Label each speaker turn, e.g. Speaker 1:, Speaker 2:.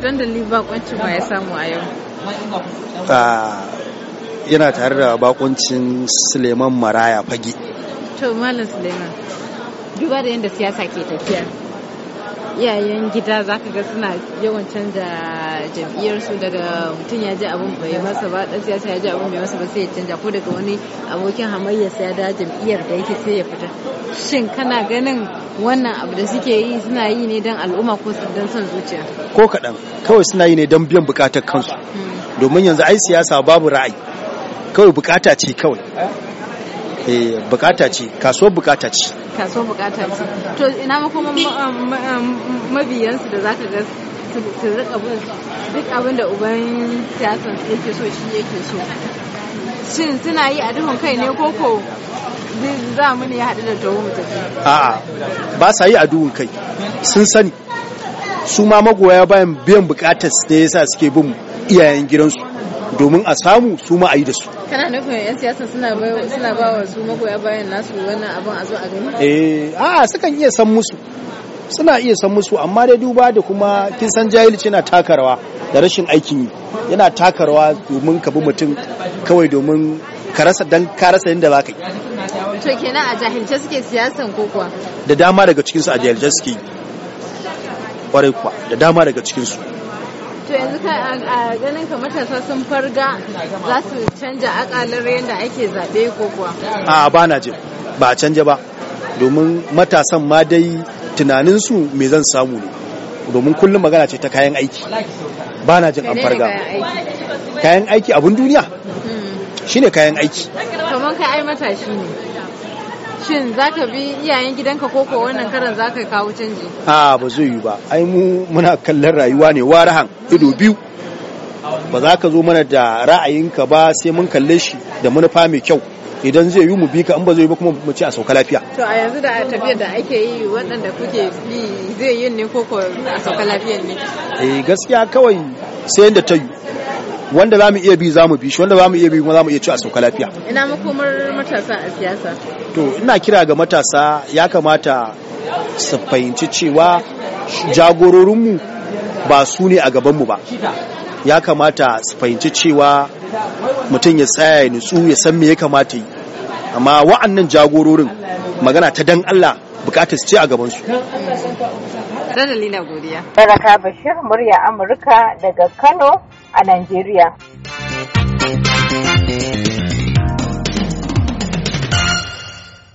Speaker 1: don ya samu a yau ah,
Speaker 2: yana tare da bakuncin suleiman maraya fage
Speaker 1: to malam suleiman duba da yadda siyasa ke tafiya iyayen gida za ka ga suna yawan canza jam'iyyarsu daga mutum ya ji abin bai masa ba dan siyasa ya ji abin bai masa ba sai ya canja ko daga wani abokin hamayyarsa ya da jam'iyyar da yake sai ya fita shin kana ganin wannan abu da suke yi suna yi ne don al'umma ko don son zuciya
Speaker 2: ko kaɗan kawai suna yi ne don biyan bukatar kansu domin yanzu ai siyasa babu ra'ayi kawai bukata ce kawai eh, bukata ce kasuwar bukata ce
Speaker 1: kasuwar bukata ce to ina kuma um, um, mabiyansu da zaka ga su duk abin da uban siyasa yake so shi yake so shin suna yi a duhun kai ne koko za mu ne ya haɗu da taho
Speaker 2: a'a ba sa yi aduwin kai sun sani su ma magoya bayan biyan bukatar da yasa suke bin iyayen gidansu domin a samu su ma a yi da su
Speaker 1: kana nufin yan siyasa suna ba wa su magoya bayan nasu wannan abin a zo a gani
Speaker 2: eh a'a sukan iya san musu suna iya san musu amma dai duba da kuma kin san jahilci na takarwa da rashin aikin yi yana takarwa domin ka bi mutum kawai domin ka rasa dan ka rasa yadda za ka yi
Speaker 1: to kenan a jahilce suke siyasan ko kuwa
Speaker 2: da dama daga cikinsu a jahilce suke kwarai kuwa da dama daga cikinsu
Speaker 1: to yanzu ka a ganin ka matasa sun farga za su canja akalar yadda ake zaɓe ko
Speaker 2: kuwa a ba na jin ba a canja ba domin matasan ma dai tunaninsu me zan samu ne domin kullum magana ce ta kayan aiki ba na jin an farga kayan aiki abun duniya
Speaker 1: hmm.
Speaker 2: shine kayan aiki
Speaker 1: kamar kai ai matashi ne shin za ka bi iyayen gidanka ko ko wannan karan za ka kawo canji
Speaker 2: a ba zai yi ba ai mu muna kallon rayuwa ne warahan ido biyu ba za ka zo mana da ra'ayinka ba sai mun kalle shi da manufa mai kyau idan zai yi mu bi ka in ba zai yi ba kuma mu ci a sauka lafiya
Speaker 1: to a yanzu da tafiyar da ake yi waɗanda kuke yi zai yi ne ko ko a sauka lafiyar ne
Speaker 2: eh gaskiya kawai sai da ta yi wanda za mu iya bi za mu bi shi wanda za mu iya bi kuma za mu iya ci a sauka lafiya
Speaker 1: ina makomar matasa a siyasa to
Speaker 2: ina kira ga matasa ya kamata su fahimci cewa jagororinmu ba su ne a gabanmu ba ya kamata su fahimci cewa mutum ya tsaya ya nutsu ya san me ya kamata yi amma wa'annan jagororin magana ta dan Allah bukatar su ce a gabansu
Speaker 1: Radalina godiya. Baraka Bashir murya Amurka daga Kano
Speaker 2: a Najeriya.